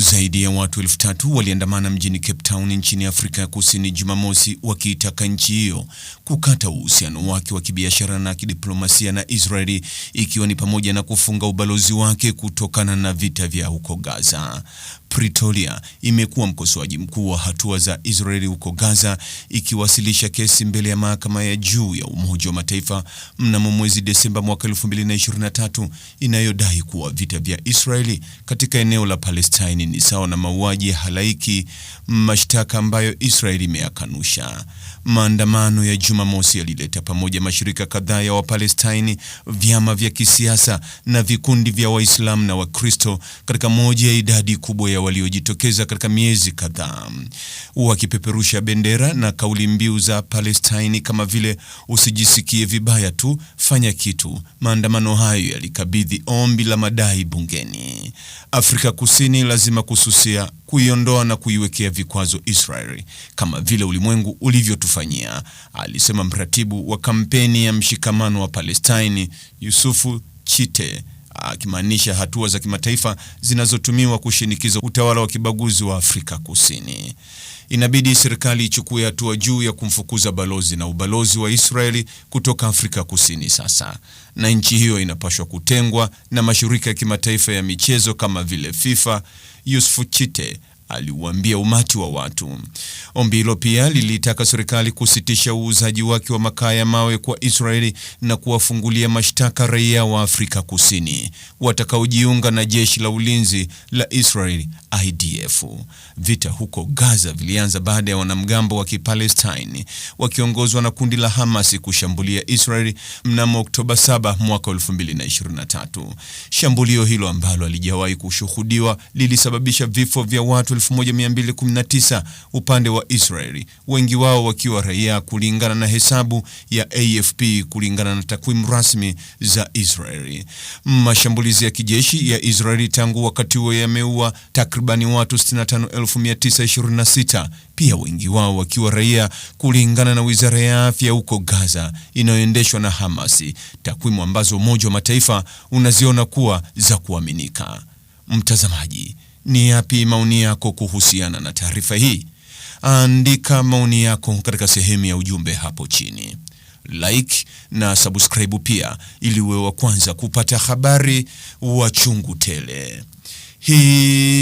Zaidi ya watu elfu tatu waliandamana mjini Cape Town nchini Afrika ya Kusini Jumamosi wakiitaka nchi hiyo kukata uhusiano wake wa kibiashara na kidiplomasia na Israeli ikiwa ni pamoja na kufunga ubalozi wake kutokana na vita vya huko Gaza. Pretoria imekuwa mkosoaji mkuu wa hatua za Israeli huko Gaza ikiwasilisha kesi mbele ya mahakama ya juu ya Umoja wa Mataifa mnamo mwezi Desemba mwaka 2023 inayodai kuwa vita vya Israeli katika eneo la Palestina Palestina ni sawa na mauaji ya halaiki, mashtaka ambayo Israeli imeyakanusha. Maandamano ya Jumamosi yalileta pamoja mashirika kadhaa ya Wapalestini, vyama vya kisiasa na vikundi vya Waislamu na Wakristo katika moja ya idadi kubwa ya waliojitokeza katika miezi kadhaa, wakipeperusha bendera na kauli mbiu za Palestini kama vile usijisikie vibaya tu, fanya kitu. Maandamano hayo yalikabidhi ombi la madai bungeni. Afrika Kusini lazima kususia, kuiondoa na kuiwekea vikwazo Israeli kama vile ulimwengu ulivyotufanyia, alisema mratibu wa kampeni ya mshikamano wa Palestine, Yusufu Chite akimaanisha hatua za kimataifa zinazotumiwa kushinikiza utawala wa kibaguzi wa Afrika Kusini. Inabidi serikali ichukue hatua juu ya kumfukuza balozi na ubalozi wa Israeli kutoka Afrika Kusini sasa, na nchi hiyo inapaswa kutengwa na mashirika ya kimataifa ya michezo kama vile FIFA. Yusuf Chite aliuambia umati wa watu. Ombi hilo pia lilitaka serikali kusitisha uuzaji wake wa makaa ya mawe kwa Israeli na kuwafungulia mashtaka raia wa Afrika Kusini watakaojiunga na jeshi la ulinzi la Israeli IDF. Vita huko Gaza vilianza baada ya wanamgambo wa Kipalestine wakiongozwa na kundi la Hamas kushambulia Israel mnamo Oktoba 7 mwaka 2023. Shambulio hilo ambalo halijawahi kushuhudiwa lilisababisha vifo vya watu 1219 upande wa Israeli, wengi wao wakiwa raia, kulingana na hesabu ya AFP, kulingana na takwimu rasmi za Israeli. Mashambulizi ya kijeshi ya Israeli tangu wakati huo yameua takriban takribani watu 65926 pia wengi wao wakiwa raia, kulingana na Wizara ya Afya huko Gaza inayoendeshwa na Hamas, takwimu ambazo Umoja wa Mataifa unaziona kuwa za kuaminika. Mtazamaji, ni yapi maoni yako kuhusiana na taarifa hii? Andika maoni yako katika sehemu ya ujumbe hapo chini. Like na subscribe pia ili uwe wa kwanza kupata habari wa chungu tele. Hii